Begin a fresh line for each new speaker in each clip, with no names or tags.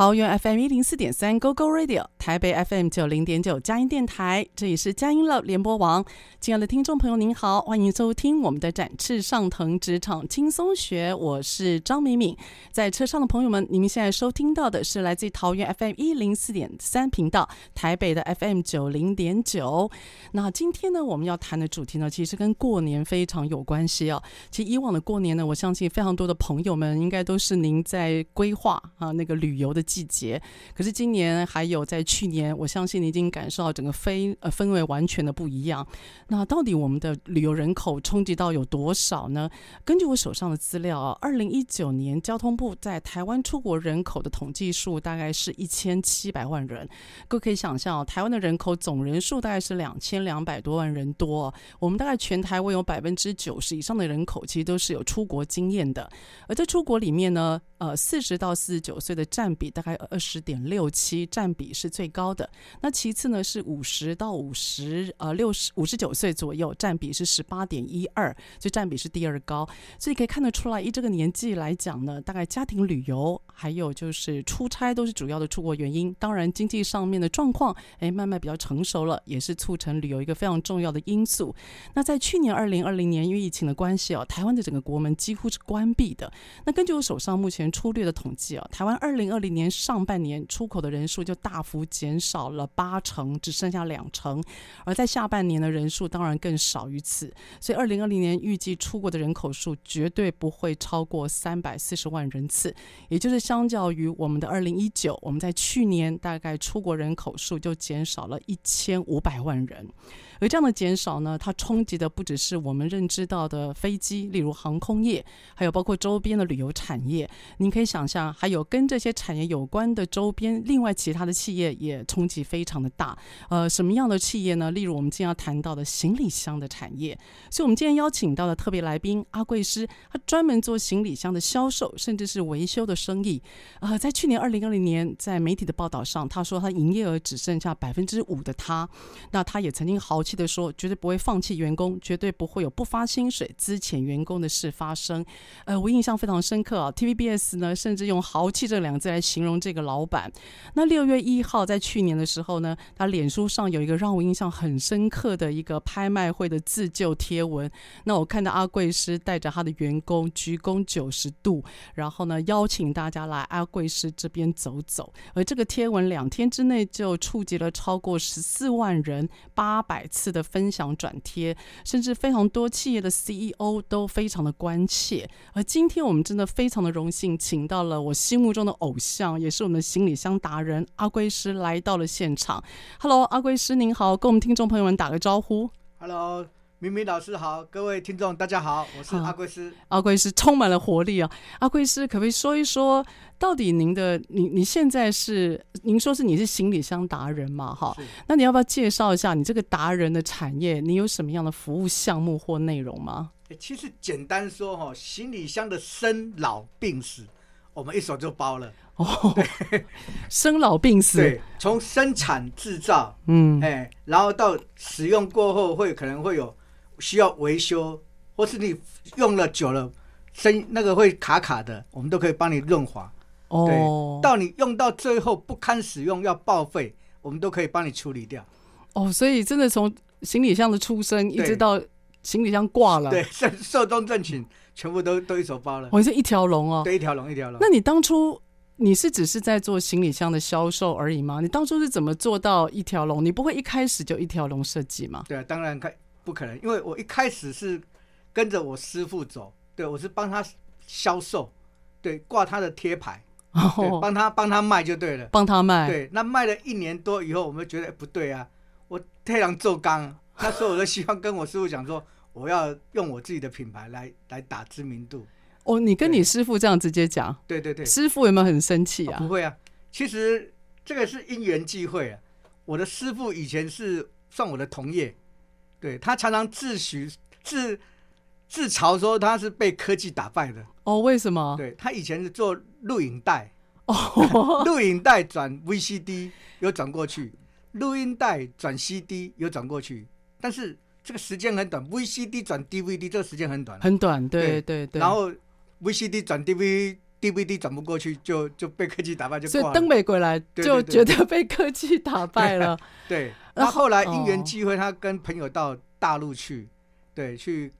桃園 FM 一零四點三 GoGo Radio 台北 FM 九零點九佳音電台，這裡是佳音樂聯播網，親愛的聽眾朋友您好，歡迎收聽我們的《展翅上騰職場輕鬆學》，我是張敏敏。在車上的朋友們，您現在收聽到的是來自於桃園 FM 一零四點三頻道，台北的 FM 九零點九。那今天呢，我們要談的主題呢，其實跟過年非常有關係哦。其實以往的過年呢，我相信非常多的朋友們應該都是您在規劃啊那個旅遊的。季節，可是今年還有在去年，我相信你已經感受到整個非呃氛圍完全的不一樣。那到底我們的旅遊人口衝擊到有多少呢？根據我手上的資料啊，二零一九年交通部在台灣出國人口的統計數大概是一千七百萬人。各位可以想象，台灣的人口總人數大概是兩千兩百多萬人多。我們大概全台灣有百分之九十以上的人口其實都是有出國經驗的。而在出國裡面呢，呃，四十到四十九歲的占比，大概二十點六七占比是最高的，那其次呢是五十到五十呃六十五十九歲左右，占比是十八點一二，所以占比是第二高，所以可以看得出來，以這個年紀來講呢，大概家庭旅遊還有就是出差都是主要的出國原因。當然，經濟上面的狀況，哎，慢慢比較成熟了，也是促成旅遊一個非常重要的因素。那在去年二零二零年，因為疫情的關係哦、啊，台灣的整個國門幾乎是關閉的。那根據我手上目前粗略的統計哦、啊，台灣二零二零年上半年出口的人數就大幅減少了八成，只剩下兩成，而在下半年的人數當然更少於此。所以，二零二零年預計出國的人口數絕對不會超過三百四十萬人次，也就是相較於我們的二零一九，我們在去年大概出國人口數就減少了一千五百萬人。而這樣的減少呢，它衝擊的不只是我們認知到的飛機，例如航空業，還有包括周邊的旅遊產業。您可以想象，還有跟這些產業有關的周邊，另外其他的企業也衝擊非常的大。呃，什麼樣的企業呢？例如我們今天要談到的行李箱的產業。所以，我們今天邀請到的特別來賓阿貴師，他專門做行李箱的銷售，甚至是維修的生意。啊、呃，在去年二零二零年，在媒體的報道上，他說他營業額只剩下百分之五的他，那他也曾經好氣的說，絕對不會放棄員工，絕對不會有不發薪水資遣員工的事發生。呃，我印象非常深刻啊。TVBS 呢，甚至用“豪氣”這兩個字來形容這個老闆。那六月一號，在去年的時候呢，他臉書上有一個讓我印象很深刻的一個拍賣會的自救貼文。那我看到阿貴師帶着他的員工鞠躬九十度，然後呢，邀請大家來阿貴師這邊走走。而這個貼文兩天之內就觸及了超過十四萬人，八百次。次的分享轉貼，甚至非常多企業的 CEO 都非常的關切。而今天我們真的非常的榮幸，請到了我心目中的偶像，也是我們的行李箱達人阿貴師來到了現場。Hello，阿貴師您好，跟我們聽眾朋友們打個招呼。
Hello。明明老師好，各位聽眾大家好，我是阿貴
師。啊，阿貴師充滿了活力啊！阿貴師可不可以說一說，到底您的你你現在是您說是你是行李箱達人嘛？哈，那你要不要介紹一下你這個達人的產業？你有什麼樣的服務項目或內容嗎？
欸，其實簡單說哈，行李箱的生老病死，我們一手就包了
哦。生老病死，
對，從生產製造，嗯，哎，欸，然後到使用過後會可能會有。需要維修，或是你用了久了，生那個會卡卡的，我們都可以幫你潤滑。
哦，對。
到你用到最後不堪使用，要報廢，我們都可以幫你處理掉。
哦，所以真的從行李箱的出生一直到行李箱掛了，對，
壽 終正寢，全部都都一手包了。我是一條
龍哦，對，一條
龍，一條龍。那你
當初你是只是在做行李箱的銷售而已嗎？你當初是怎麼做到一條龍？你不會一開始就一條龍設計嗎？對啊，當然開。
不可能，因為我一開始是跟着我師傅走，對，我是幫他銷售，對，掛他的貼牌，
對，
幫他幫他賣就對了，哦、幫他賣。對，那賣了一年多以後，我們就覺得、欸、不對啊，我太難做剛。那時候我就希望跟我師傅講說， 我要用我自己的品牌來來打知名度。
哦，你跟你師傅這樣直接講，對，對對對，師傅有沒有很生氣啊、哦？不
會啊，其實這個是因緣際會啊，我的師傅以前是算我的同業。對，他常常自詡自自嘲說他是被科技打敗的哦，oh, 為什麼？對，他以前是做錄影帶哦，錄、oh. 影帶轉 VCD 有轉過去，錄音帶轉 CD 有轉過去，但是這個時間很短，VCD 轉 DVD 這個時間很短，很短對對，
對對對。然後
VCD 轉 DV, DVD，DVD 轉不過去，就就被科技打敗就，就所以登
美國來對對對就覺得被科技打敗了， 對。
對他後來因緣際會，他跟朋友到大陸去，哦，對，去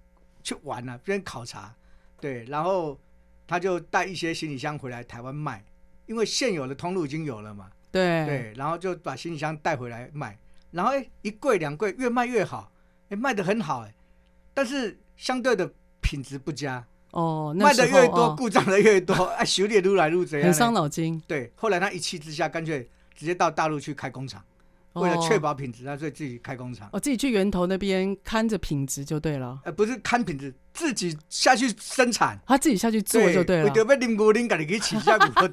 去玩了，啊，邊考察，對，然後他就帶一些行李箱回來台灣賣，因為現有的通路已經有了嘛，
對對，然
後就把行李箱帶回來賣，然後一櫃兩櫃越賣越好，哎，賣的很好哎，欸，但是相對的品質不佳，
哦，那賣的越多故障的越多，哦得越
多哦，哎，修理都來路這樣，很傷腦
筋。對，後
來他一氣之下，乾脆直接到大陸去開工廠。為了確保品質、啊，他所以自己開工
廠。我、哦、自己去源頭那邊看着品質就對了、
呃。不是看品質，自己下去生產，他自己下去做就對了。對，你去 對，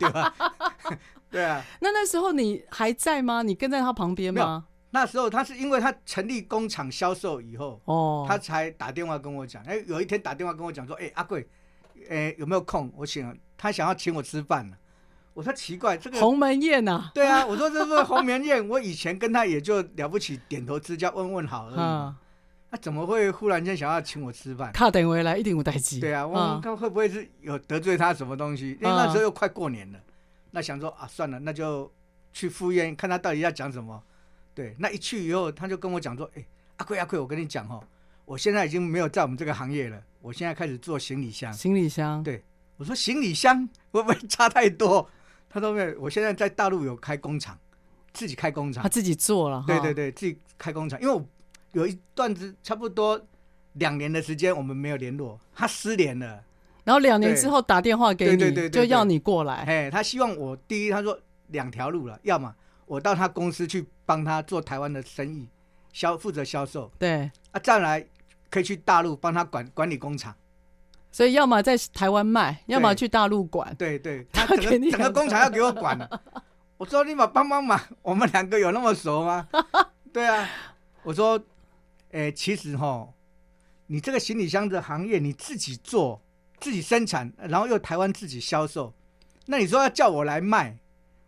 了 對啊。
那那時候你還在嗎？你跟在他旁邊嗎？那時候他是因為他
成立工廠銷售以後，哦，他才打電話跟我講，哎，有一天打電話跟我講說，哎，阿貴，哎，有沒有空？我請，他想要請我吃飯。我說奇怪，這個鴻
門宴啊。對啊，我說這個鴻
門宴。 我以前跟他也就了不起點頭之交、問問好了。已、嗯。他、啊啊、怎麼會忽然間想要請我吃飯？他
等回來一定有大事。對
啊，我、嗯、看會不會是有得罪他什麼東西？嗯、因為那時候又快過年了，嗯、那想說啊，算了，那就去赴宴，看他到底要講什麼。對，那一去以後，他就跟我講說：“哎，阿貴阿貴，我跟你講哦，我現在已經沒有在我們這個行業了，我現在開始做行李箱。”行李箱？對，我說行李箱會不會差太多？他說沒有。我現在在大陸有開工廠，自己開工廠。他自己
做了。對對
對，啊、自己開工廠。因為我有一段子差不多兩年的時間，我們沒有聯絡。他失聯了，
然後兩年之後打電話給你，對對對對對對對，就要你過來。
哎，他希望我第一，他說兩條路了，要麼我到他公司去幫他做台灣的生意，銷負責銷售。對。啊，再來可以去大陸幫他管管理工廠。
所以，要麼在台灣賣，要麼去大陸管。
對對，他整個 給你整個工廠要給我管了。 我說你嘛幫幫忙，忙，我們兩個有那麼熟嗎？ 對啊，我說，哎，其實哈，你這個行李箱的行業，你自己做，自己生產，然後又台灣自己銷售，那你說要叫我來賣，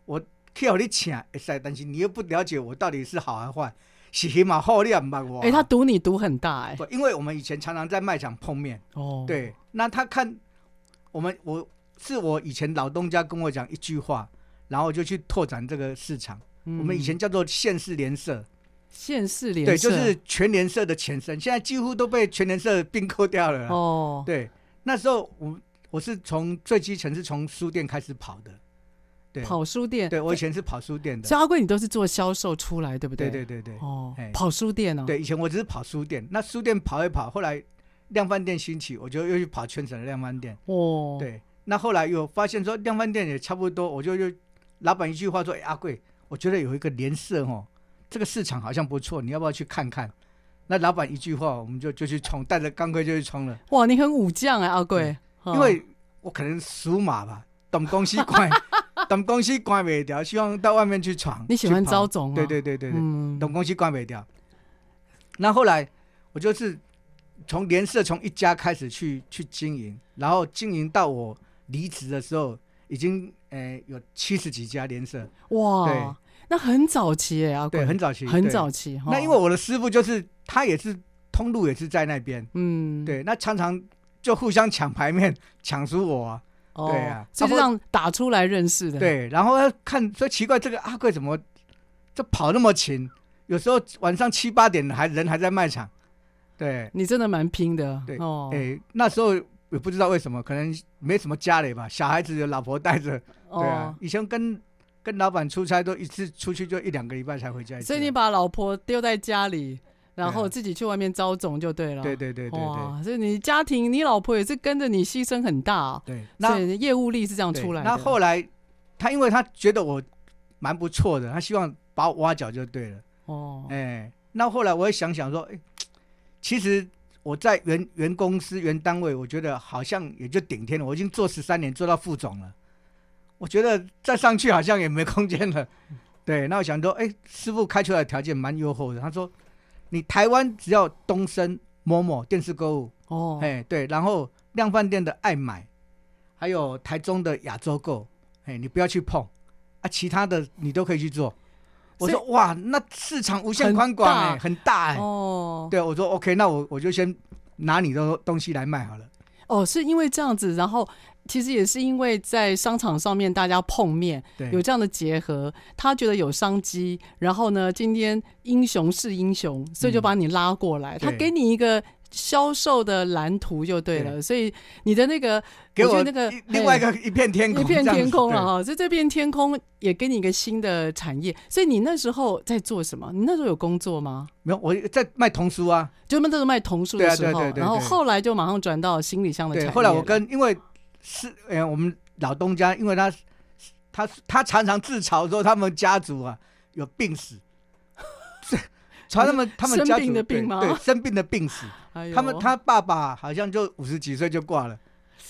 我也可以讓你請，擔心，你又不了解我到底是好還是壞。喜馬後力嘛，我。哎，他賭你賭很大哎、欸，因為我們以前常常在賣場碰面。哦。對，那他看我們，我是我以前老東家跟我講一句話，然後就去拓展這個市場。嗯、我們以前叫做縣市聯社，
縣市聯，對，就是
全聯社的前身，現在幾乎都被全聯社併購掉了。哦。對，那時候我我是從最基層是從書店開始跑的。對跑書店，對，對我以前是跑書店的。所以阿
貴，你都是做銷售出來，對不對？對對對
對。哦、欸，跑書店哦。對，以前我只是跑書店，那書店跑一跑，後來量販店興起，我就又去跑全省的量販店。哦，對。那後來又發現說量販店也差不多，我就又老闆一句話說：“哎、欸，阿貴，我覺得有一個連鎖哦。這個市場好像不錯，你要不要去看看？”那老闆一句話，我們就就去衝，帶着鋼盔就去衝了。
哇，你很武將啊、欸，阿貴、哦，
因為我可能屬馬吧，懂東西快。 等公司關袂掉，希望到外面去闖。你喜歡招總、啊、對對對對，對嗯，等公司關袂掉。那後來我就是從連鎖從一家開始去去經營，然後經營到我離職的時候，已經誒、欸、有七十幾家連鎖。哇，
那很早期哎、欸、阿貴，對，很早期，很早期。哦、那因為我的師傅
就是他也是通路也是在那邊，嗯，對，那常常就互相搶牌面，搶輸我、啊。Oh, 對啊，就這樣
打出來認識的。啊、對，
然後看，所以奇怪，這個阿貴怎麼就跑那麼勤？有時候晚上七八點還人還在賣場。
對，
你真的蠻拼的。對哦，哎、oh.，那時候也不知道為什麼，可能沒什麼家累吧，小孩子有老婆帶着。Oh. 對啊，以前跟跟老闆出差都一次出去就一兩個禮拜才回家一次。Oh. 所以
你把老婆丟在家裡。然後自己去外面招總就對了，對對對對，對，對。所以你家庭，你老婆也是跟着你犧牲很大，啊。對。那所以你業務力是這樣出來的。那後來他，因為他覺得
我蠻不錯的，他希望把我挖角就對了。哦。哎、欸，那後來我也想想說，哎、欸，其實我在原原公司原單位，我覺得好像也就頂天了。我已經做十三年，做到副總了。我覺得再上去好像也沒空間了。嗯、對。那我想說，哎、欸，師傅開出來的條件蠻優厚的。他說。你台灣只要東森、某某電視購物哦、oh.，對，然後量販店的愛買，還有台中的亞洲購，你不要去碰啊，其他的你都可以去做。我說，哇，那市場無限寬廣、欸、很大哎。很大欸
oh. 對，
我說 OK，那我我就先拿你的東西來賣好
了。哦、oh,，是因為這樣子，然後。其實也是因為在商場上面大家碰面，對，有這樣的結合，他覺得有商機，然後呢，今天英雄是英雄，所以就把你拉過來，嗯、他給你一個銷售的藍圖就對了，對，所以你的那個我覺、那個、給我那個另外一個一片天空，一片天空啊，就這，這片天空也給你一個新的產業。所以你那時候在做什麼？你那時候有工作嗎？沒有，我
在賣童書
啊，就那都是賣童書的時候對、啊對啊對啊對啊，然後後來就馬上轉到行李箱的產業。後來我跟因為。是，哎、欸，我們老東家，因為他，他他常常
自嘲說他們家族啊有病死，傳 他們、嗯、他們家族生病的病嗎對，對生病的病死，哎、他們他爸爸好像就五十幾歲就掛了、哎，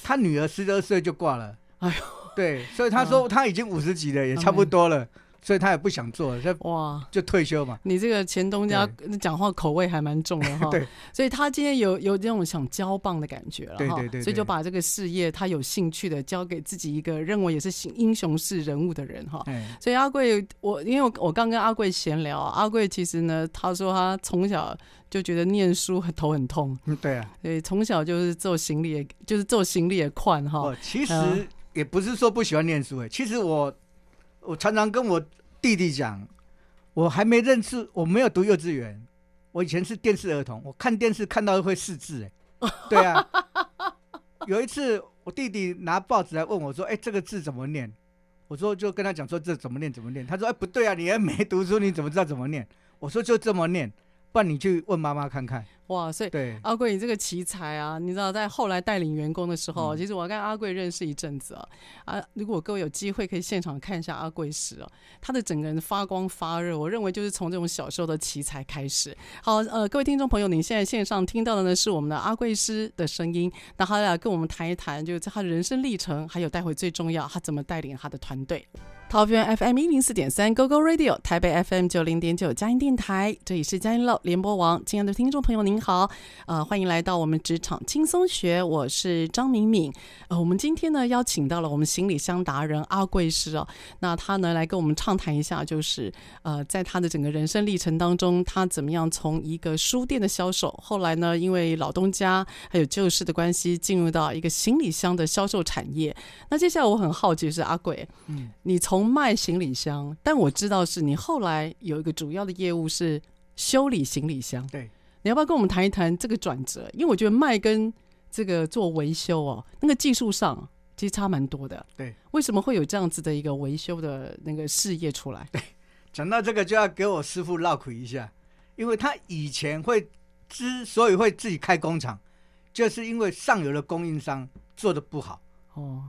他女兒十二歲就掛了，哎呦，
對，所以他說
他已經五十幾了、哎，也差不多了。嗯嗯。所以他也不想做，哇，就退休嘛。
你這個前東家，講話口味還蠻重的哈。對。 對，所以他今天有有這種想交棒的感覺了哈。對對，對對對。所以就把這個事業他有興趣的交給自己一個認為也是英雄式人物的人哈。嗯、所以阿貴，我因為我剛，剛跟阿貴閒聊，阿貴其實呢，他說他從小就覺得念書頭很痛。嗯、對啊。對，從小就是做行李，就是做行李也快哈、哦。其實
也不是說不喜歡念書哎、欸，其實我。我常常跟我弟弟講，我還沒認識，我沒有讀幼稚園，我以前是電視兒童，我看電視看到會識字、欸，哎，對啊， 有一次我弟弟拿報紙來問我說，哎、欸，這個字怎麼念？我說就跟他講說這怎麼念怎麼念。他說哎、欸、不對啊，你還沒讀書，你怎麼知道怎麼念？我說就這麼念，不然你去問媽媽看看。
哇，所以阿貴，你這個奇才啊！你知道，在後來帶領員工的時候，其實我跟阿貴認識一陣子啊。啊，如果各位有機會可以現場看一下阿貴師哦、啊，他的整個人發光發熱，我認為就是從這種小時候的奇才開始。好，呃，各位聽眾朋友，您現在線上聽到的呢是我們的阿貴師的聲音，那他要跟我們談一談，就是他的人生歷程，還有待會最重要，他怎麼帶領他的團隊。桃園 FM 一零四點三 GoGo Radio，台北 FM 九零點九佳音電台，這裡是佳音 Love 聯播網，親愛的聽眾朋友您好，啊、呃，歡迎來到我們職場輕鬆學，我是張敏敏，呃，我們今天呢邀請到了我們行李箱達人阿貴師哦，那他呢來跟我們暢談一下，就是呃，在他的整個人生歷程當中，他怎麼樣從一個書店的銷售，後來呢因為老東家還有舊事的關係，進入到一個行李箱的銷售產業，那接下來我很好奇是阿貴，嗯，你從賣行李箱，但我知道是你後來有一個主要的業務是修理行李箱。對，你要不要跟我們談一談這個轉折？因為我覺得賣跟這個做維修哦，那個技術上其實差蠻多的。對，為什麼會有這樣子的一個維修的那個事業出來？對，
講到這個就要給我師傅嘮嗑一下，
因為他以
前會之所以會自己開工廠，就是因為上游的供應商做的不好哦，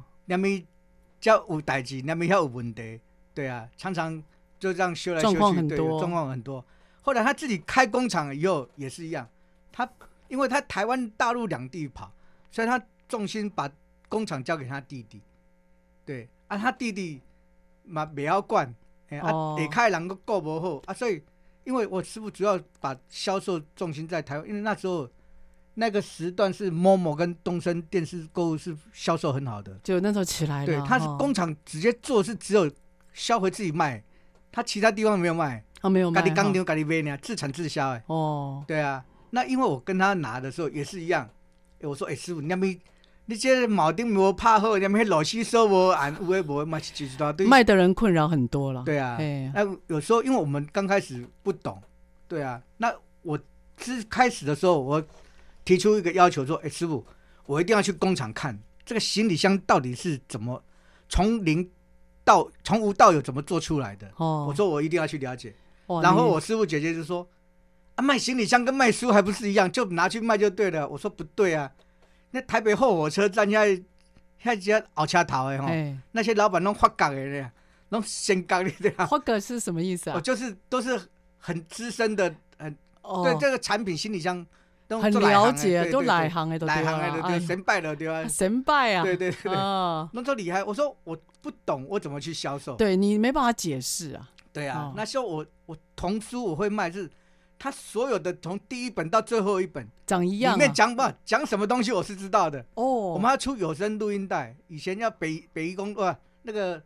叫有代誌，那沒有問題，對啊，常常就這樣修來修去，狀況很多，對，狀況很多。後來他自己開工廠以後也是一樣，他因為他台灣大陸兩地跑，所以他重心把工廠交給他弟弟，對啊，他弟弟嘛不要管、哦欸，啊，離開兩個夠無後啊，所以因為我師傅主要把銷售重心在台灣，因為那時候。那個時段是 Momo 跟東森電視購物是銷售很好的，
就那時候起來的。對，他是工
廠直接做，是只有銷回自己賣，哦，他其他地方沒有賣，
他，啊，沒有賣。
咖自,自,、哦，自產自銷。哎，哦，對啊。那因為我跟他拿的時候也是一樣，欸，我說：“哎，欸，師傅，你,你,沒有你那邊那些鉚釘模怕後，那邊老細收我按烏龜模買賣的
人困擾很多了。對啊，哎，欸，
那有時候因為我們剛開始不懂，
對啊。
那我之開始的時候我。提出一個要求說：“哎、欸，師傅，我一定要去工廠看這個行李箱到底是怎麼從零到從無到有怎麼做出來的。”哦，我說我一定要去了解。哦、然後我師傅姐姐就說、嗯：“啊，賣行李箱跟賣書還不是一樣，就拿去賣就對了。”我說：“不對啊，那台北後火車站現在那些後車頭的哈、哦哎，那些老闆攏發崗的咧，攏仙崗的對吧？”發崗是什麼意思啊？哦，就是都是很資深的，哦、對這個產品行李箱。很了解，都內行哎，都內行哎，都神拜了對吧、啊？
神拜啊！對對對
對，都很厲害。我說我不懂，我怎麼去銷售？對你沒辦法解釋啊。對啊，哦、那時候，我我童書我會賣，是它所有的從第一本到最後一本長一樣，啊，裡面講吧，講、啊、什麼東西我是知道的哦。我們要出有聲錄音帶，以前叫北北宜公路，啊、那個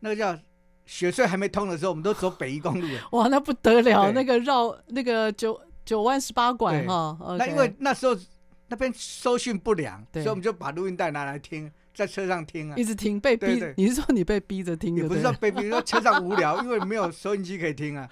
那個叫雪隧，還沒通的時候， 我們都走北宜公路。
哇，那不得了，那個繞那個就。九彎十八拐哈、okay，那因為
那時候那
邊收訊不
良，對，所以我們就把錄音帶拿來聽，在車上聽啊，一直聽被逼。對對對，你是
說你被逼着聽？也不是說被逼、就是、說車
上無聊， 因為沒有收音機可以聽啊。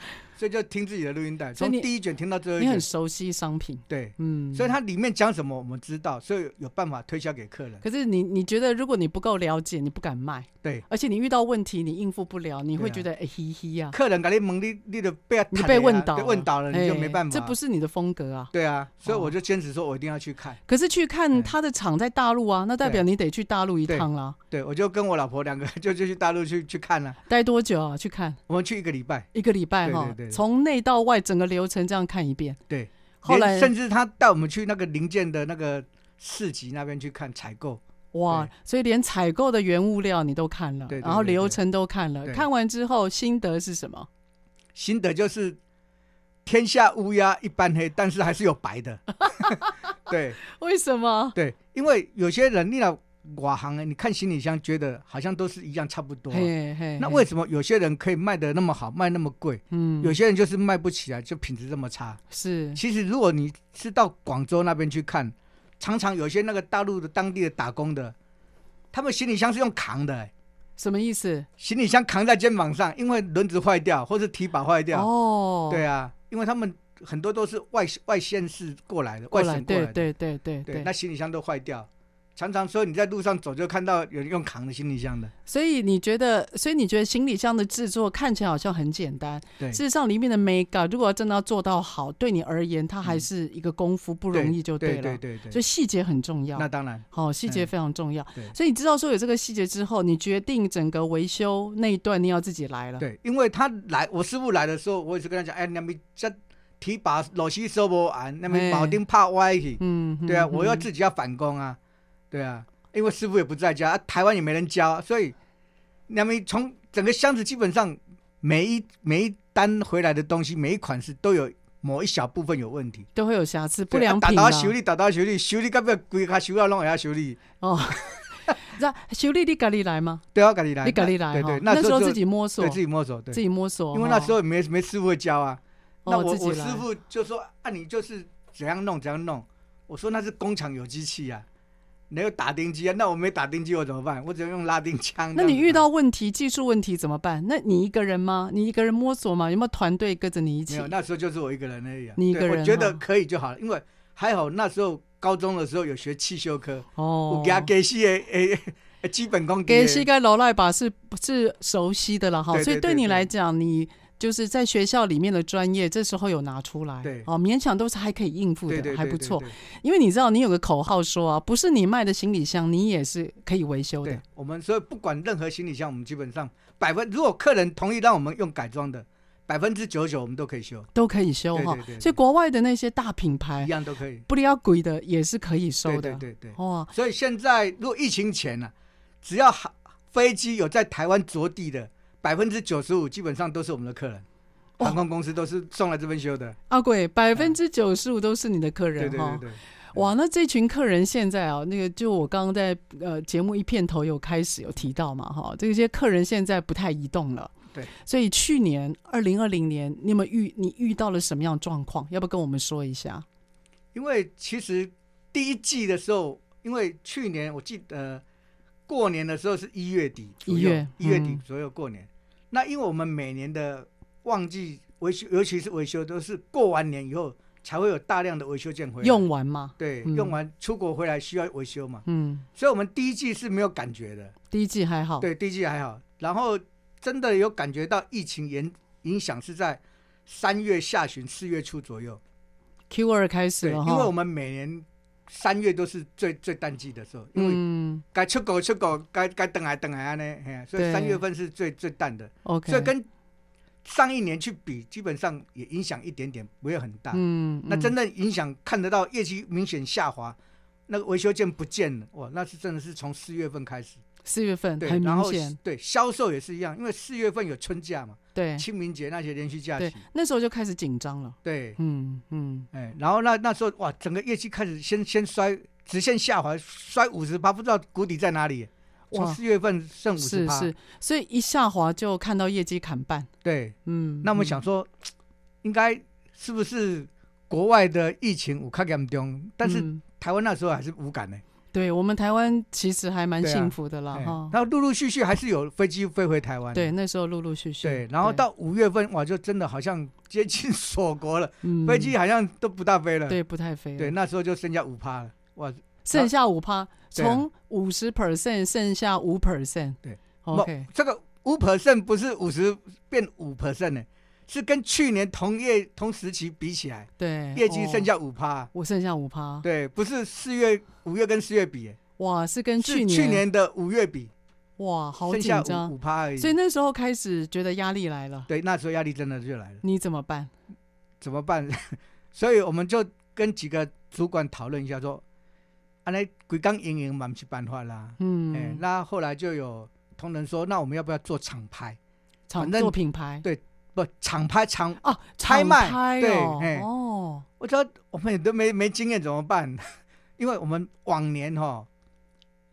就聽自己的錄音帶，從第一卷聽到最後一卷。你，你很
熟悉商品，對，嗯，所以它裡面講什麼，我們知道，所以有辦法推銷給客人。可是你，你覺得如果你不夠了解，你不敢賣，對，而且你遇到問題，你應付不了，你會覺得哎嘿嘿呀。客人跟
你問你，你就被的就不他被問倒了，被問倒了、欸，你就沒辦法、啊欸。這不是你的風格啊。對啊，所以我就堅持說我一定要去看。哦、
可是去看他的廠在大陸啊，那代表你得去大陸一趟啦、啊。
對，我就跟我老婆兩個 就就去大陸去去看了、
啊。待多久啊？去看？
我們去一個禮拜，
一個禮拜哈。對，對，對。對對對從內到外，整個流程這樣看一遍。對，後來甚至他
帶我們去那個零件的那個市集那邊去看採購。
哇，所以連採購的原物料你都看了。對對對對，然後流程都看了對對對。看完之後，心得是什麼？
心得就是天下烏鴉一般黑，但是還是有白的。 對，
為什麼？
對，因為有些人，你寡行哎、欸，你看行李箱，覺得好像都是一樣差不多。Hey, hey, hey, 那為什麼有些人可以賣得那麼好，賣那麼貴，嗯？有些人就是賣不起來，就品質這麼差。是，其實如果你是到廣州那邊去看，常常有些那個大陸的當地的打工的，他們行李箱是用扛的。欸，什麼意思？行李箱扛在肩膀上，因為輪子壞掉或是提把壞掉。哦，對啊，因為他們很多都是外外縣市過來的，外省過來的，對對對對，對對對對，那行李箱都壞掉。常常說你在路上走就看到有人用扛的行李箱的，
所以你覺得，所以你覺得行李箱的製作看起來好像很簡單，對，事實上裡面的 make 如果真的要做到好，對你而言它還是一個功夫，不容易就對了，嗯、對對對，對，對，所以細節很重要。那當然，好、哦、細節非常重要、嗯。所以你知道說有這個細節之後，你決定整個維修那一段你要自己來了。對，因為他來我師傅來的時候，我也是跟他講，哎，那邊在提把螺絲，收
不完，那邊鉚釘怕歪去，嗯，對啊，嗯嗯、我要自己要返工啊。嗯嗯、對啊，因為師傅也不在家，啊、台灣也沒人教，啊，所以那麼從整個箱子基本上每一每一單回來的東西，每一款式都有某一小部分有問
題，都會有瑕疵、不良品。打打修理，
打打修理，修理隔壁歸他修理，弄一下修理。
哦，那修理你趕你來嗎？
對啊，趕你來，你趕你來。對對，哦、那時候，時候自己摸索對，自己摸索，對自己摸索。因為那時候也沒沒師傅教啊，喔，
那我我師傅
就說啊，你就是怎樣弄怎樣弄。 我說那是工廠有機器啊。沒有打釘機啊？那我沒打釘機，我怎麼辦？我只能用拉釘槍。 那你遇
到問題，技術問題怎麼辦？那你一個人嗎？你一個人摸索嗎？有沒有團隊跟着你一起？沒有，那
時候就是我一個人而已。你一個人，我覺得可以就好了、哦，因為還好那時候高中的時候有學汽修科哦，我給給基本功，給些
勞力吧，是是熟悉的了哈。所以對你來講，你。就是在學校裡面的專業，這時候有拿出來，對，哦，勉強都是還可以應付的，對對對對還不錯。因為你知道，你有個口號說啊，不是你賣的行李箱，你也是可以維修的。對
我們所以不管任何行李箱，我們基本上百分，如果客人同意讓我們用改裝的，百分之九十九我們都可以修，
都可以修哈、哦。所以國外的那些大品牌一樣都可以，布裡奧圭的也是可以修的。對對哇、哦！
所以現在如果疫情前呢、啊，只要飛機有在台灣着地的。百分之九十五基本上都是我們的客人，航空公司都是送來這邊修的。
阿、哦、貴，百分之九十五都是你的客人，對對、對、對。哇，那這群客人現在啊，那個就我剛剛在、嗯、呃節目一片頭有開始有提到嘛，哈，這些客人現在不太移動了。嗯、對，所以去年二零二零年你們遇你遇到了什麼樣狀況？要不要跟我們說一下？
因為其實第一季的時候，因為去年我記得、呃、過年的時候是一月底，一月一、嗯、月底左右過年。那因為我們每年的旺季維修，尤其是維修都是過完年以後才會有大量的維修件回來。用完嗎？對、嗯，用完出國回來需要維修嘛。嗯，所以我們第一季是沒有感覺的。
第一季還好。對，
第一季還好。然後真的有感覺到疫情影影響是在三月下旬、四月初左右。
Q 二開始了，因為我
們每年。三月都是最最淡季的時候，因為該出國出國，該該回來回來呢，嘿，所以三月份是最最淡的。OK，所以跟上一年去比，基本上也影響一點點，不會很大。嗯，那真正影響、嗯、看得到，業績明顯下滑，那個維修件不見了，哇，那是真的是從四月份開始。
四月份，對，很明顯，然後
對銷售也是一樣，因為四月份有春假嘛，對，清明節那些連續假期，
那時候就開始緊張了。對，嗯
嗯，哎、欸，然後那那時候哇，整個業績開始先先摔，直線下滑，摔五十八，不知道
谷底在哪裡。從四月份剩五十八，是是，所以一下滑就看到業績砍半。對，嗯，那我們想說，嗯、應該是不是國外
的疫情有較嚴重，但是台灣那時候還是無感的、欸。
對，我們台灣其實還蠻幸福的啦。哈、啊嗯，
然後陸陸續續還是有飛機飛回台灣。對，
那時候陸陸續
續。對，然後到五月份哇，就真的好像接近鎖國了、嗯，飛機好像都不大飛了。對，不太飛了。對，那時候就剩下五趴了哇，
剩下五趴、啊，從五十 percent 剩下五 percent。對，OK，
這個五 percent 不是五十變五 percent 呢？欸是跟去年同月、同時期比起來，
對，業績剩下五趴、哦，我剩下五趴，
對，不是四月、五月跟四月比，
哇，是跟去年去年的
五月比，哇，好緊張，五趴而已，所以
那時候開始覺得
壓力來了，對，那時候壓力真的就來了，你怎麼辦？怎麼辦？ 所以我們就跟幾個主管討論一下，說，阿那鬼剛運營也不是辦法啦，嗯、欸，那後來就有同仁說，那我們要不要做廠牌？廠做品牌，對。不，廠拍廠啊，拆賣、哦、對、欸，哦，我知道我們也都沒沒經驗，怎麼辦？因為我們往年哈，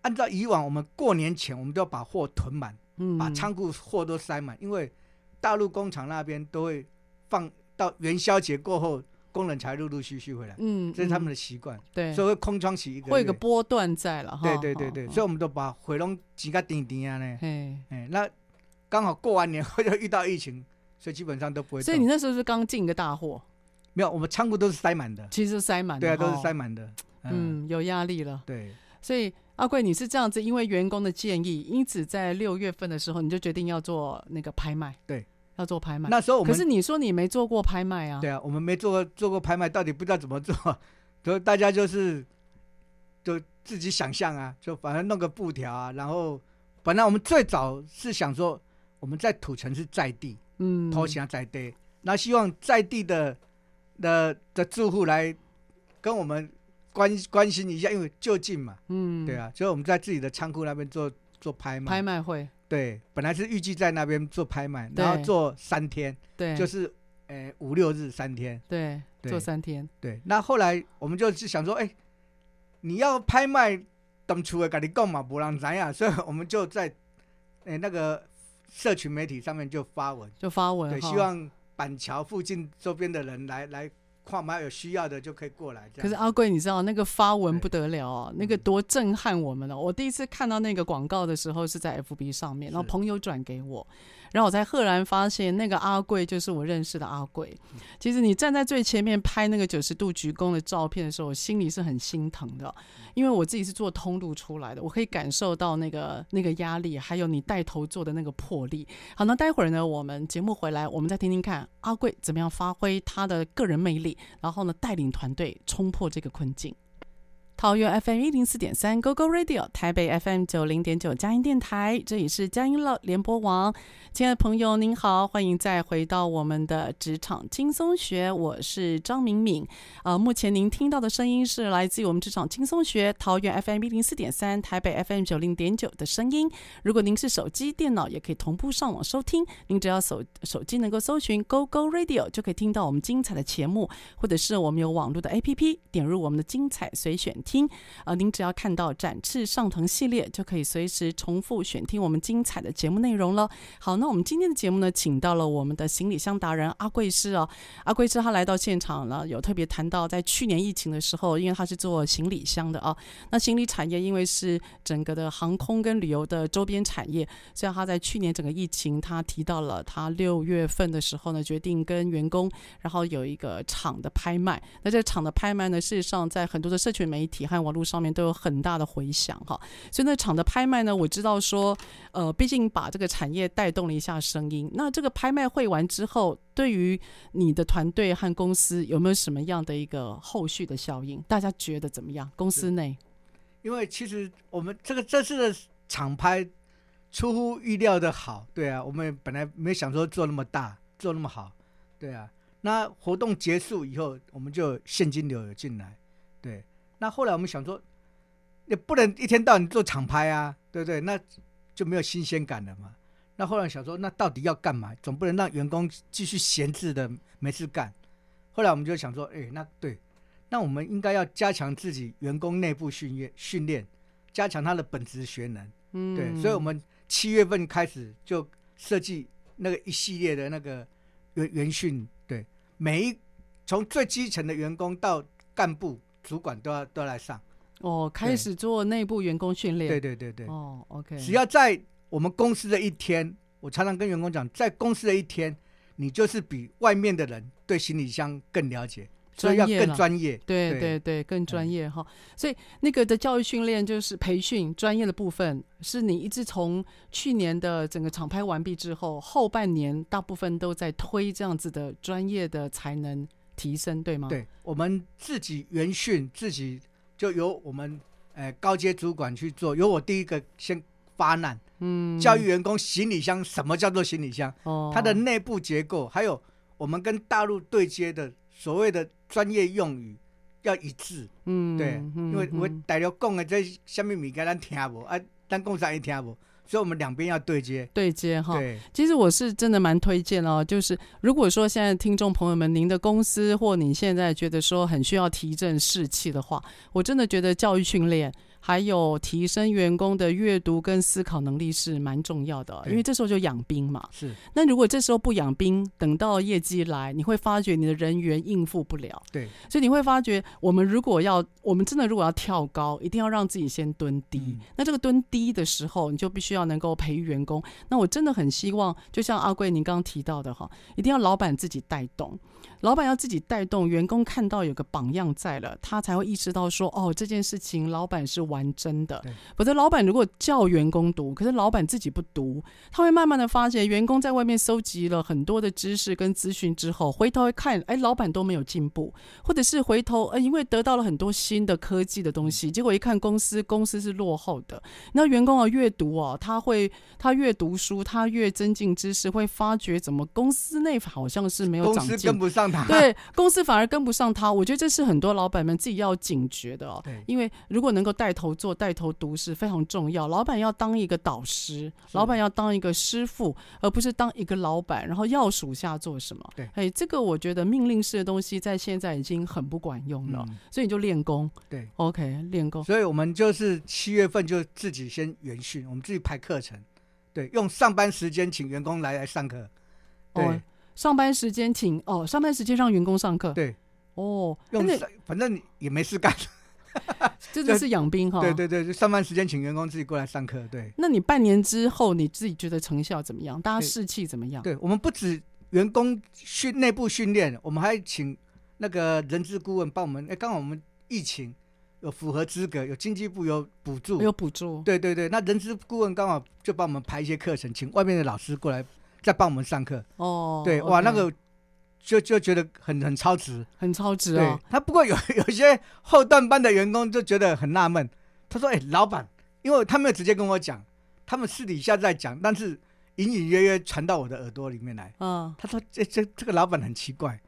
按照以往，我們過年前我們都要把貨囤滿、嗯，把倉庫貨都塞滿，因為大陸工廠那邊都會放到元宵節過後，工人才陸陸續續回來，嗯，嗯，這是他們的習慣，對，所以會空窗期一個，一個，一個，會有個
波段在了，對對對對，哦、所以
我們都把回籠擠到頂頂啊，呢、欸欸，那剛好過完年後就遇到疫情。所以基本上都不會。所以你
那時候是剛進一個大貨？
沒有，我們倉庫都是塞滿
的。其實塞滿的，對啊，都是塞
滿的。哦。嗯，
有壓力了。對。所以阿貴，你是這樣子，因為員工的建議，因此在六月份的時候，你就決定要做那個拍賣。對。要做拍賣。那時候我們。可是你說你沒做過拍賣啊？對
啊，我們沒做做過拍賣，到底不知道怎麼做，所以大家就是就自己想象啊，就反正弄個布條啊，然後本來我們最早是想說我們在土城是在地。嗯，投降在地，那、嗯、希望在地的的的住戶來跟我們關關心一下，因為就近嘛，嗯，對啊，所以我們在自己的倉庫那邊做做拍賣，拍賣會，對，本來是預計在那邊做拍賣，然後做三天，對，就是誒五六日三天對，對，做三天，對，對那後來我們就是想說，哎，你要拍賣，等厝的家己講嘛，無人知啊，所以我們就在誒那個。社群媒體上面就發
文，就發文，對、哦、希望
板橋附近周邊的人來來，跨馬有需要的就可以過來。可是阿貴，
你知道那個發文不得了、啊，那個多震撼我們了！我第一次看到那個廣告的時候是在 FB 上面，嗯、然後朋友轉給我。然後我才赫然發現，那個阿貴就是我認識的阿貴。其實你站在最前面拍那個九十度鞠躬的照片的時候，我心裡是很心疼的，因為我自己是做通路出來的，我可以感受到那個那個壓力，還有你帶頭做的那個魄力。好，那待會兒呢，我們節目回來，我們再聽聽看阿貴怎麼樣發揮他的個人魅力，然後呢，帶領團隊衝破這個困境。桃園 FM 一零四點三，GoGo Radio，台北 FM 九零點九，佳音電台，這裡是佳音樂聯播網。親愛的朋友，您好，歡迎再回到我們的職場輕鬆學，我是張敏敏。啊、呃，目前您聽到的聲音是來自於我們職場輕鬆學，桃園 FM 一零四點三，台北 FM 九零點九的聲音。如果您是手機、電腦，也可以同步上網收聽。您只要手手機能夠搜尋 GoGo Radio，就可以聽到我們精彩的節目，或者是我們有網絡的 APP，點入我們的精彩隨選。聽啊，您只要看到“展翅上騰”系列，就可以隨時重複選聽我們精彩的節目內容了。好，那我們今天的節目呢，請到了我們的行李箱達人阿貴師啊。阿貴師他來到現場呢，有特別談到在去年疫情的時候，因為他是做行李箱的啊。那行李產業因為是整個的航空跟旅遊的周邊產業，所以他在去年整個疫情，他提到了他六月份的時候呢，決定跟員工，然後有一個廠的拍賣。那這個廠的拍賣呢，事實上在很多的社群媒體。和網絡上面都有很大的回響哈，所以那場的拍賣呢，我知道說，呃，畢竟把這個產業帶動了一下聲音。那這個拍賣會完之後，對於你的團隊和公司有沒有什麼樣的一個後續的效應？大家覺得怎麼樣？公司內，
因為其實我們這個這次的場拍出乎意料的好，對啊，我們本來沒想說做那麼大，做那麼好，對啊。那活動結束以後，我們就現金流有進來，對。那後來我們想說，也不能一天到晚做廠拍啊，對不對？那就沒有新鮮感了嘛。那後來想說，那到底要幹嘛？總不能讓員工繼續閒置的沒事幹。後來我們就想說，哎，那對，那我們應該要加強自己員工內部訓練，訓練，加強他的本職學能。嗯，對。所以我們七月份開始就設計那個一系列的那個員員訓，對，每一從最基層的員工到幹部。主管都要都要來上哦，開始做內部員工訓練。對對，對對對，哦，OK。只要在我們公司的一天，我常常跟員工講，在公司的一天，你就是比外面的人對行李箱更了解，所以要更專
業。對對對，更專業哈。所以那個的教育訓練就是培訓專業的部分，是你一直從去年的整個廠拍完畢之後，後半年大部分都在推這樣子的專業的才能提升對嗎？對，我們
自己原訓自己，就由我們呃高階主管去做。由我第一個先發難，嗯，教育員工行李箱什麼叫做行李箱？哦，它的內部結構，還有我們跟大陸對接的所謂的專業用語要一致。
嗯，對，嗯、因為
我大陸講的這蝦米，該咱聽無啊？咱工廠一聽無。所以我們兩邊要對接
對接哈。對，其實我是真的蠻推薦哦，就是如果說現在聽眾朋友們，您的公司或你現在覺得說很需要提振士氣的話，我真的覺得教育訓練。還有提升員工的閱讀跟思考能力是蠻重要的哦，因為這時候就養兵嘛。是，那如果這時候不養兵，等到業績來，你會發覺你的人員應付不了。對，所以你會發覺，我們如果要，我們真的如果要跳高，一定要讓自己先蹲低，嗯。那這個蹲低的時候，你就必須要能夠培育員工。那我真的很希望，就像阿貴您剛剛提到的哈，一定要老闆自己帶動。老闆要自己帶動，員工看到有個榜樣在了，他才會意識到說，哦，這件事情老闆是玩真的。否則，老闆如果叫員工讀，可是老闆自己不讀，他會慢慢的發現，員工在外面收集了很多的知識跟資訊之後，回頭一看，哎，老闆都沒有進步，或者是回頭，呃、哎，因為得到了很多新的科技的東西，結果一看公司，公司是落後的。那員工啊，閱讀啊，他會，他越讀書，他越增進知識，會發覺怎麼公司內好像是沒有長進，公司跟不上。 對，公司反而跟不上他，我覺得這是很多老闆們自己要警覺的哦。因為如果能夠帶頭做、帶頭讀是非常重要。老闆要當一個導師，老闆要當一個師傅，而不是當一個老闆，然後要屬下做什麼？對，哎，這個我覺得命令式的東西在現在已經很不管用了，嗯，所以你就練功。對，OK，練功。
所以我們就是七月份就自己先元訓，我們自己排課程，對，用上班時間請員工來來上課，對。
Oh. 上班時間請哦，上班時間讓員工上課。對，哦，用
反正也沒事幹， 這
就、個、是養兵哈。對對
對，就上班時間請員工自己過來上課。對，
那你半年之後你自己覺得成效怎麼樣？大家士氣怎麼樣？對，對我們不
止員工訓內部訓練，我們還請那個人資顧問幫我們。哎、欸，剛好我們疫情有符合資格，有經濟部有補助，有補助。對對對，那人資顧問剛好就幫我們排一些課程，請外面的老師過來。在幫我們上課哦，oh,
okay. 對哇，那個
就就覺得很很超值，很超值哦。他不過有有些後段班的員工就覺得很納悶，他說：“哎、欸，老闆，因為他沒有直接跟我講，他們私底下在講，但是隱隱約約，約傳到我的耳朵裡面來。”嗯，他說：“欸、這這這個老闆很奇怪，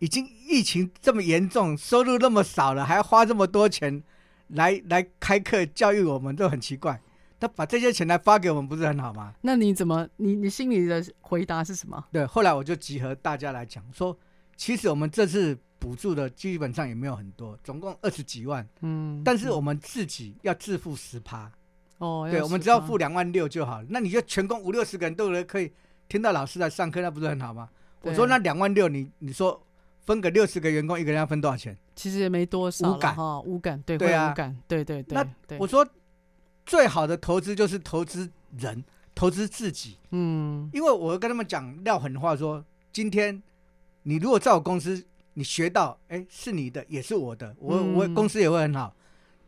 已經疫情這麼嚴重，收入那麼少了，還要花這麼多錢來來開課教育我們，都很奇怪。”那把這些錢來發給我們，不是很好嗎？
那你怎麼，你你心裡的回答是什麼？
對，後來我就集合大家來講，說其實我們這次補助的基本上也沒有很多，總共二十幾萬，嗯，
但是我
們自己要自付十趴，
哦，對，我們只要付
兩萬六就好了。那你就全工五六十個人都有人可以聽到老師來上課，那不是很好嗎？啊、我說那兩萬六，你你說分給六十個員工，一個人要分多少錢？
其實也沒多少，無感哈，無感，對對啊，會無感，對、啊、對、對、對、對。我說。
最好的投資就是投資人，投資自己。嗯，因為我會跟他們講撂狠話說，說今天你如果在我公司，你學到，哎、欸，是你的也是我的，我我公司也會很好，嗯。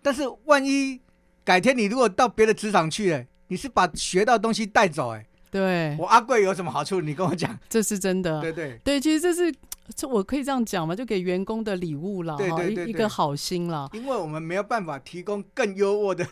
但是萬一改天你如果到別的職場去，欸，哎，你是把學到東西帶走，欸，哎，對我阿貴有什麼好處？你跟我講，這是真的。對對對，
對其實這是這我可以這樣講嘛，就給員工的禮物了，對對對，對，一個好
心了，因為我們沒有辦法提供更優渥的。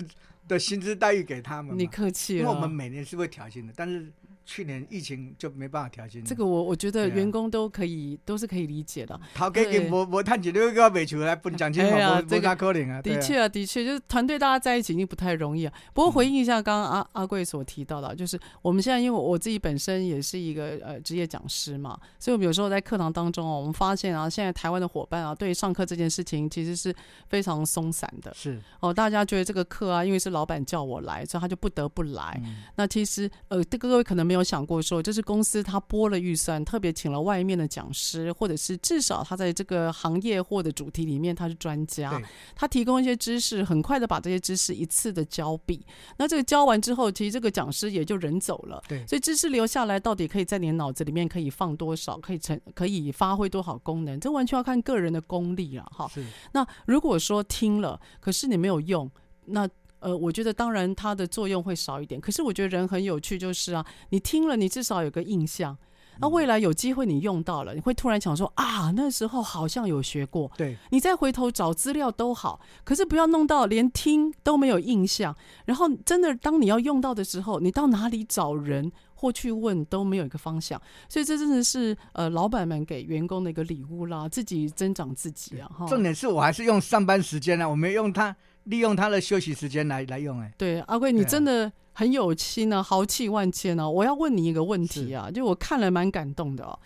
的薪資待遇給他們，你客氣啊，因為我們每年是會調薪的，但是。去年疫情就沒辦法調薪。這個我我覺得員
工都可以、啊、都是可以理解的。討給給無無探姐個來分獎金嘛，我我加領啊。的確啊，啊的確就是團隊大家在一起已經不太容易啊。不過回應一下剛剛阿、嗯、阿貴所提到的，就是我們現在因為我，我自己本身也是一個呃職業講師嘛，所以我們有時候在課堂當中、啊，我們發現啊，現在台灣的夥伴啊，對於上課這件事情其實是非常鬆散的。是哦，大家覺得這個課啊，因為是老闆叫我來，所以他就不得不來。嗯、那其實呃，這個各位可能沒。沒有想過說，這是公司他撥了預算，特別請了外面的講師，或者是至少他在這個行業或者主題裡面他是專家，他提供一些知識，很快的把這些知識一次的教畢。那這個教完之後，其實這個講師也就人走了。對，所以知識留下來到底可以在你腦子裡面可以放多少，可以成可以發揮多少功能，這完全要看個人的功力了哈。是。那如果說聽了，可是你沒有用，那。呃，我覺得當然它的作用會少一點，可是我覺得人很有趣，就是啊，你聽了，你至少有個印象，那未來有機會你用到了，你會突然想說啊，那時候好像有學過，對，你再回頭找資料都好，可是不要弄到連聽都沒有印象，然後真的當你要用到的時候，你到哪裡找人或去問都沒有一個方向，所以這真的是呃，老闆們給員工的一個禮物啦，自己增長自己啊，哈，重點是我還是用上班時間呢，啊，我沒用它。利用他的休息時間來來用，哎，對，阿貴，你真的很有心呢，啊啊，豪氣萬千啊！我要問你一個問題啊，就我看了蠻感動的哦。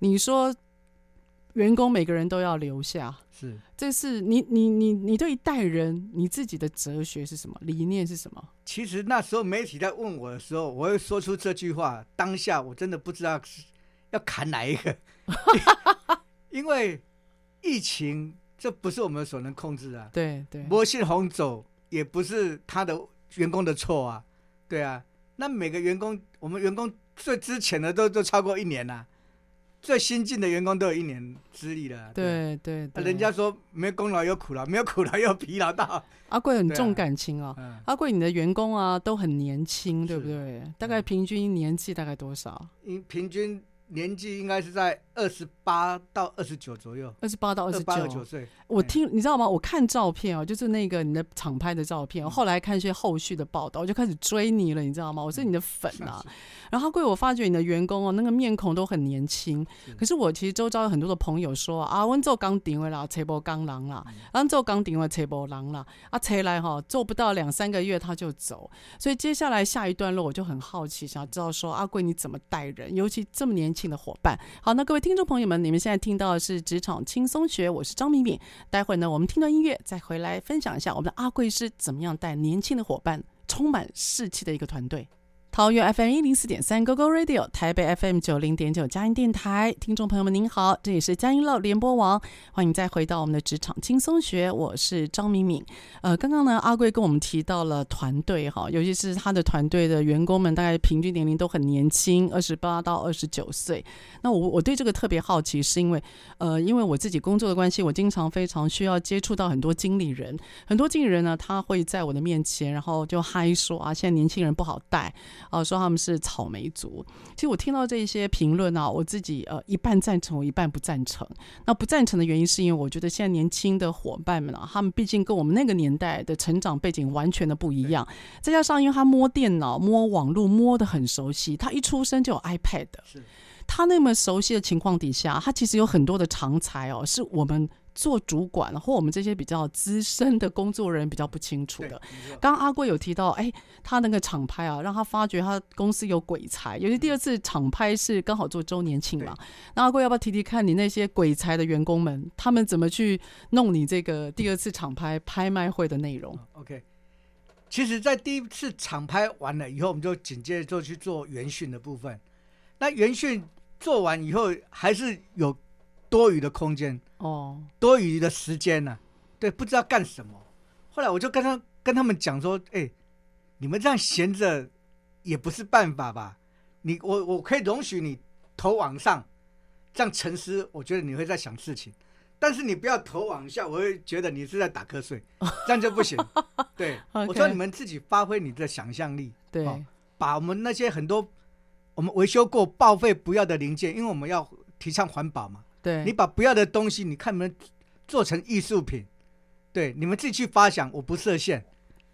你說員工每個人都要留下，是，這是你你你你，你對一代人你自己的哲學是什麼，理念是什麼？其實
那時候媒體在問我的時候，我會說出這句話，當下我真的不知道要砍哪一個， 因為疫情。這不是我們所能控制的、啊。對對，摩信紅走也不是他的員工的錯啊，對啊。那每個員工，我們員工最之前的都都超過一年了、啊、最新進的員工都有一年資歷了。對對，對，對，人家說沒功勞有苦勞，沒有苦勞有疲勞到，
阿貴很重感情、哦、啊、嗯。阿貴你的員工啊都很年輕，對不對、嗯？大概平均年紀大概多少？
平均年紀應該是在。二十八到二十九左右，二十八到二十九
歲。我聽、嗯，你知道嗎？我看照片哦，就是那個你的廠拍的照片、嗯。後來看一些後續的報道，我就開始追你了，你知道嗎？我是你的粉吶、啊嗯。然後阿貴，我發覺你的員工哦，那個面孔都很年輕。可是我其實周遭有很多的朋友說啊，阮做工程的啦，揣無人啦；做工程的啦，揣無人啦。啊，我啦啦嗯、啊找來哈、哦，做不到兩三個月他就走。所以接下來下一段落，我就很好奇，想要知道說阿貴你怎麼帶人，尤其這麼年輕的夥伴。好，那各位聽。聽眾朋友們，你們現在聽到的是《職場輕鬆學》，我是張敏敏。待會呢，我們聽到音樂再回來分享一下我們的阿貴師怎麼樣帶年輕的伙伴，充滿士氣的一個團隊。桃園 FM 一零四點三，Google Radio 台北，FM 九零點九佳音電台，聽眾朋友們您好，這裡是佳音樂聯播網，歡迎再回到我們的職場輕鬆學，我是張敏敏。呃，剛剛呢阿貴跟我們提到了團隊哈，尤其是他的團隊的員工們，大概平均年齡都很年輕，二十八到二十九歲。那我我對這個特別好奇，是因為呃，因為我自己工作的關係，我經常非常需要接觸到很多經理人，很多經理人呢，他會在我的面前，然後就嗨說啊，現在年輕人不好帶。哦、啊，說他們是草莓族，其實我聽到這些評論呢、啊，我自己呃一半贊成，我一半不贊成。那不贊成的原因是因為我覺得現在年輕的夥伴們啊，他們畢竟跟我們那個年代的成長背景完全的不一樣，再加上因為他摸電腦、摸網絡摸得很熟悉，他一出生就有 iPad，他那麼熟悉的情況底下，他其實有很多的長才哦，是我們。做主管，或我們這些比較資深的工作人員比較不清楚的。剛、嗯、剛阿貴有提到，哎，他那個廠拍啊，讓他發覺他公司有鬼才。因、嗯、為第二次廠拍是剛好做周年慶嘛。那阿貴要不要提提看你那些鬼才的員工們，他們怎麼去弄你這個第二次廠拍拍賣會的內容、嗯、
？OK，其實，在第一次廠拍完了以後，我們就緊接着就去做元訓的部分。那元訓做完以後，還是有。多餘的空間哦，多餘的時間呢、啊？對，不知道幹什麼。後來我就跟他跟他們講說：“哎、欸，你們這樣閒着也不是辦法吧？你我我可以容許你頭往上這樣沉思，我覺得你會在想事情。但是你不要頭往下，我會覺得你是在打瞌睡， 這樣就不行。對， Okay. 我說你們自己發揮你的想象力，對、哦，把我們那些很多我們維修過報廢不要的零件，因為我們要提倡環保嘛。”對，你把不要的東西，你看你們做成藝術品，對，你們自己去發想，我不設限。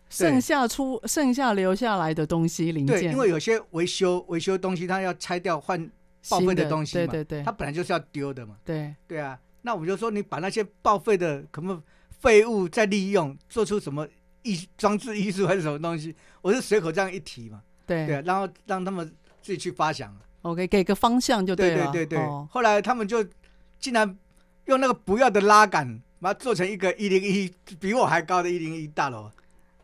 剩下出剩下留下來的東西零件，對，因為有
些維修維修東西，它要拆掉換報廢的東西嘛，對對對，它本來就是要丟的嘛。對對啊，那我就說你把那些報廢的可不廢物再利用，做出什麼藝裝置藝術還是什麼東西，我是隨口這樣一提嘛。對對啊，然後讓他們自己去發想。
OK，給個方向就對了。對對對對，哦，
後來他們就。竟然用那個不要的拉桿，把它做成一個一零一比我還高的一零一大樓。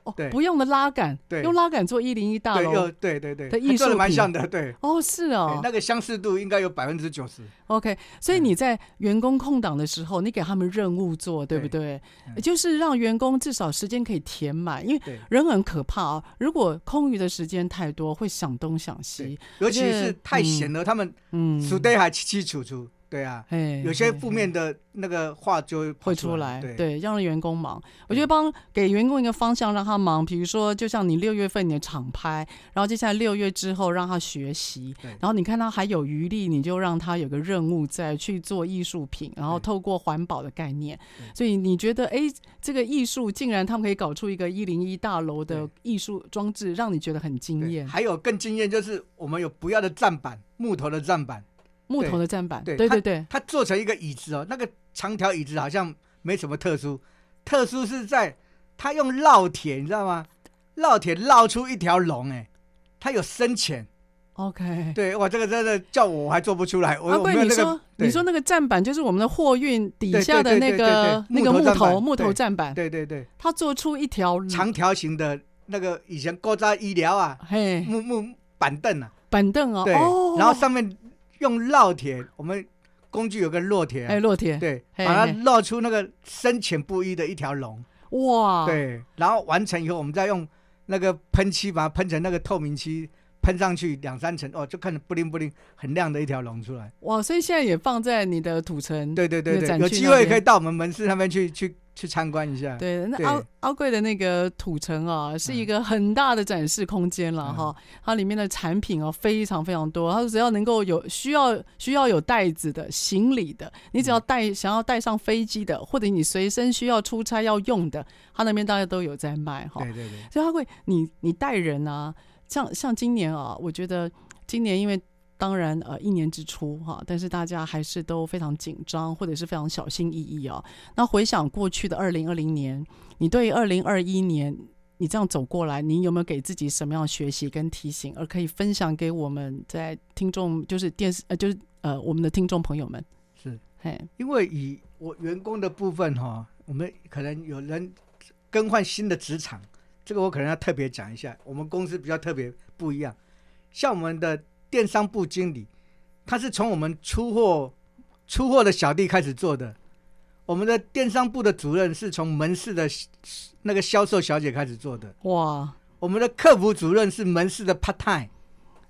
哦，對，
不用的拉桿，對，用拉桿做一零一大樓，對對對，對，做的蠻像的，對。哦，是哦，對那個
相似度應該有百分之九十。
OK，所以你在員工空檔的時候，你給他們任務做，對不對？對，嗯、就是讓員工至少時間可以填滿，因為人很可怕啊。如果空餘的時間太多，會想東想西，尤其是太閒了，嗯，他們嗯數得還清清
楚楚。對啊，哎，有些負面
的那個話就出會出來，對，對，讓員工忙。我覺得幫給員工一個方向讓他忙，比如說就像你六月份你的廠拍，然後接下來六月之後讓他學習，然後你看他還有餘力，你就讓他有個任務再去做藝術品，然後透過環保的概念。所以你覺得，哎，這個藝術竟然他們可以搞出一個一零一大樓的藝術裝置，讓你覺得很驚艷。還
有更驚艷就是我們有不要的站板，木頭的站
板。木頭的站板，對對，對對，
它做成一個椅子哦。那個長條椅子好像沒什麼特殊，特殊是在它用烙鐵，你知道嗎？烙鐵烙出一條龍，哎，它有深淺。OK，對，我這個真的叫我我還做不出來。啊、阿貴、那個，你說你說
那個站板就是我們的貨運底下的那個，對對對對對對，那個木頭木頭
站板，對對對，對，它做出一條長條形的那個以前古早時代啊嘿，木木板凳啊，
板凳、啊、板凳哦，哦，然後
上面。用烙鐵，我們工具有個烙鐵、啊，哎、欸，烙鐵，對，嘿嘿把它烙出那個深淺不一的一條龍，哇，對，然後完成以後，我們再用那個噴漆把它噴成那個透明漆，噴上去兩三層，哦，就看着布靈布靈，很亮的一條龍出來，
哇，所以現在也放在你的土層，對對對對，有機會可以到
我們門市那邊去去。去去參觀一下，
對，那阿阿貴的那個土城啊，是一個很大的展示空間了、嗯、哈。它裡面的產品哦、啊，非常非常多。他說只要能夠有需要、需要有袋子的、行李的，你只要帶、嗯、想要帶上飛機的，或者你隨身需要出差要用的，他那邊大家都有在賣哈。對對對，所以他會，你你帶人啊，像像今年啊，我覺得今年因為。當然，呃，一年之初哈、哦，但是大家還是都非常緊張，或者是非常小心翼翼啊、哦。那回想過去的二零二零年，你對二零二一年你這樣走過來，你有沒有給自己什麼樣的學習跟提醒，而可以分享給我們在聽眾，就是電視，呃，就是呃，我們的聽眾朋友們？是，嘿，
因為以我員工的部分哈、哦，我們可能有人更換新的職場，這個我可能要特別講一下。我們公司比較特別不一樣，像我們的。電商部經理，他是從我們出貨出貨的小弟開始做的。我們的電商部的主任是從門市的那個銷售小姐開始做的。哇，我們的客服主任是門市的 part time。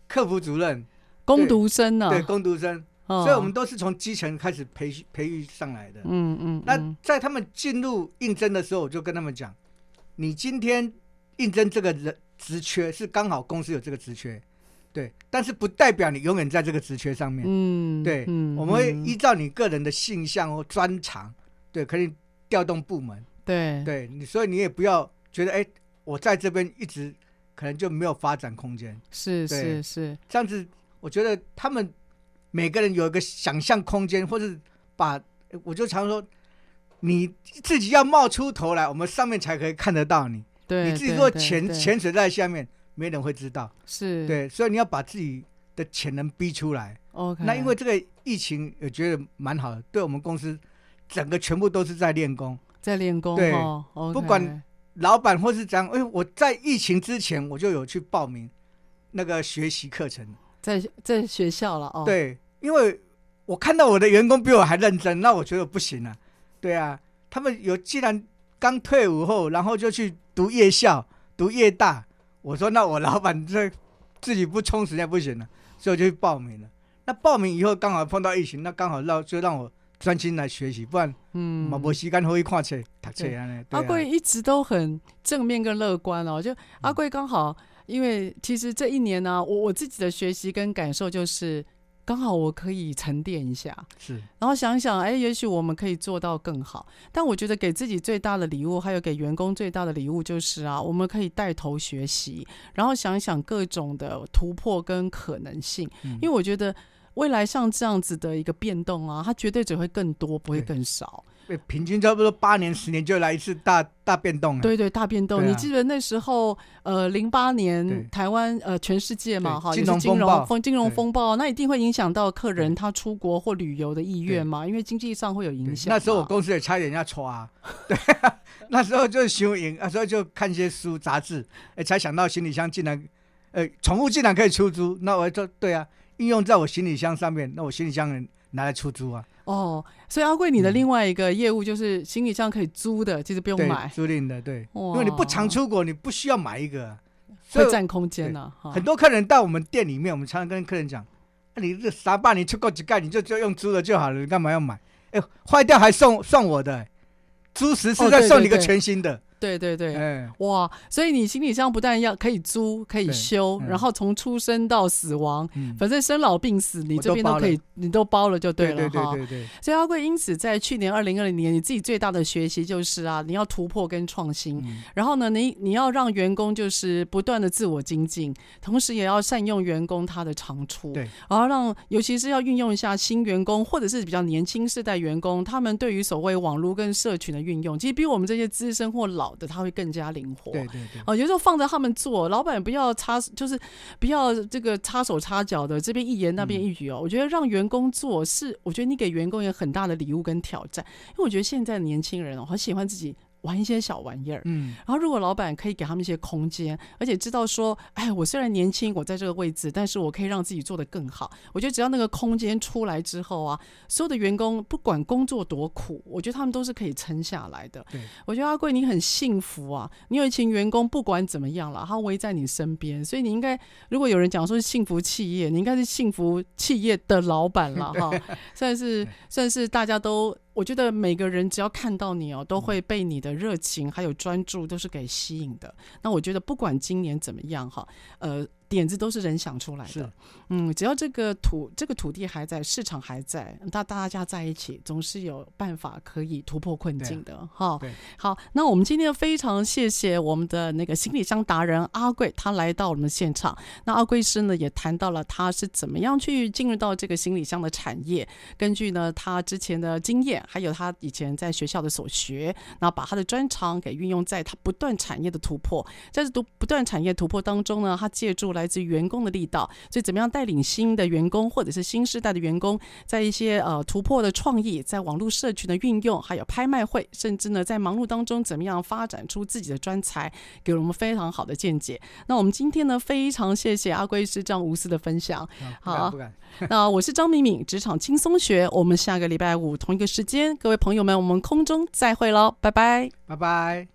客服主任，工讀生呢、啊？對，工讀生。
哦、所以，我們都是
從基層開始培培育上來的。嗯嗯，嗯。那在他們進入應徵的時候，我就跟他們講：你今天應徵這個人職缺，是剛好公司有這個職缺。對，但是不代表你永遠在這個職缺上面。嗯，對，嗯，我們會依照你個人的性向和專長、嗯，對，可以調動部門。對，對，你所以你也不要覺得，哎、欸，我在這邊一直可能就沒有發展空間。是是是，這樣子我覺得他們每個人有一個想象空間，或是把，我就常說你自己要冒出頭來，我們上面才可以看得到你。對，你自己如果潛潛水在下面。沒人會知道，是，對，所以你要把自己的潛能逼出來，okay。那因為這個疫情也覺得蠻好的，對我們公司整個全部都是在練功，
在練功，哦。對，哦 okay，不管
老板或是怎樣，因為我在疫情之前我就有去報名那個學習課程，
在在學校了，哦。對，因為
我看到我的員工比我還認真，那我覺得不行啊。
對啊，他們有既
然剛退伍後，然後就去讀夜校，讀夜大。我說：“那我老闆這自己不充實也不行了，所以我就去報名了。那報名以後剛好碰到疫情，那剛好讓就讓我專心來學習，不然嗯嘛沒時間可以看書、讀、嗯啊、阿貴
一直都很正面跟樂觀哦，就、嗯、阿貴剛好因為其實這一年呢、啊，我我自己的學習跟感受就是。剛好我可以沉澱一下，是，然後想想，哎、欸，也許我們可以做到更好。但我覺得給自己最大的禮物，還有給員工最大的禮物，就是啊，我們可以帶頭學習，然後想一想各種的突破跟可能性、嗯。因為我覺得未來像這樣子的一個變動啊，它絕對只會更多，不會更少。平均差不多八年、十年就來一次大大變動。對對，大變動、啊。你記得那時候，呃，零八年台灣呃，全世界嘛，哈，金融風暴金融風，金融風暴，那一定會影響到客人他出國或旅遊的意願嘛，因為經濟上會有影響。那時候我公司也差點要垮啊，對
啊， 那時候就休影，那時候就看一些書雜誌、欸，才想到行李箱竟然，呃、欸，寵物竟然可以出租，那我就對啊，應用在我行李箱上面，那我行李箱人。拿來出租啊！
哦、oh,，所以阿貴，你的另外一個業務就是行李箱可以租的，嗯，其實不用買，對
租賃的對，因為你不
常出國，你不需要買一個，會佔空間呢、啊。很
多客人到我們店裡面，我們常常跟客人講：“啊、你這啥吧，你出國幾蓋，你就就用租的就好了，你幹嘛要買？哎，壞掉還送送我的，租十次再送你個全新的。Oh, 對對對對”
對對對，哎、欸、哇！所以你行李箱不但要可以租，可以修、嗯，然後從出生到死亡、嗯，反正生老病死，你這邊都可以，都你都包了就對了對對對對對對哈。所以阿貴，因此在去年二零二零年，你自己最大的學習就是啊，你要突破跟創新。嗯、然後呢，你你要讓員工就是不斷的自我精進，同時也要善用員工他的長處，然後讓，尤其是要運用一下新員工或者是比較年輕世代員工，他們對於所謂網絡跟社群的運用，其實比我們這些資深或老。的他會更加靈活，對對哦，有時候放在他們做，老板也不要插，就是不要這個插手插腳的，這邊一言那邊一語哦。嗯，我覺得讓員工做是，我覺得你給員工有很大的禮物跟挑戰，因為我覺得現在的年輕人哦，很喜歡自己。玩一些小玩意兒，嗯，然後如果老闆可以給他們一些空間，而且知道說，哎，我雖然年輕，我在這個位置，但是我可以讓自己做得更好。我覺得只要那個空間出來之後啊，所有的員工不管工作多苦，我覺得他們都是可以撐下來的。對，我覺得阿貴你很幸福啊，你有一群員工不管怎麼樣了，他圍在你身邊，所以你應該，如果有人講說是幸福企業，你應該是幸福企業的老闆了 哈，算是算是大家都。我覺得每個人只要看到你哦，都會被你的熱情還有專注都是給吸引的。那我覺得不管今年怎麼樣哈，呃。點子都是人想出來的，是，嗯，只要這個土這個土地還在，市場還在，大大家在一起，總是有辦法可以突破困境的，哈、啊哦，對，好，那我們今天非常謝謝我們的那個行李箱達人阿貴，他來到我們現場。那阿貴師呢，也談到了他是怎麼樣去進入到這個行李箱的產業，根據呢他之前的經驗，還有他以前在學校的所學，那把他的專長給運用在他不斷產業的突破，在這不斷產業突破當中呢，他借助了。來自員工的力道，所以怎麼樣帶領新的員工或者是新時代的員工，在一些呃突破的創意，在網絡社群的運用，還有拍賣會，甚至呢在忙碌當中怎麼樣發展出自己的專才，給了我們非常好的見解。那我們今天呢非常謝謝阿貴師這樣無私的分享，啊、好，不敢。不敢 那我是張敏敏，職場輕鬆學。我們下個禮拜五同一個時間，各位朋友們，我們空中再會嘍，拜拜，拜拜。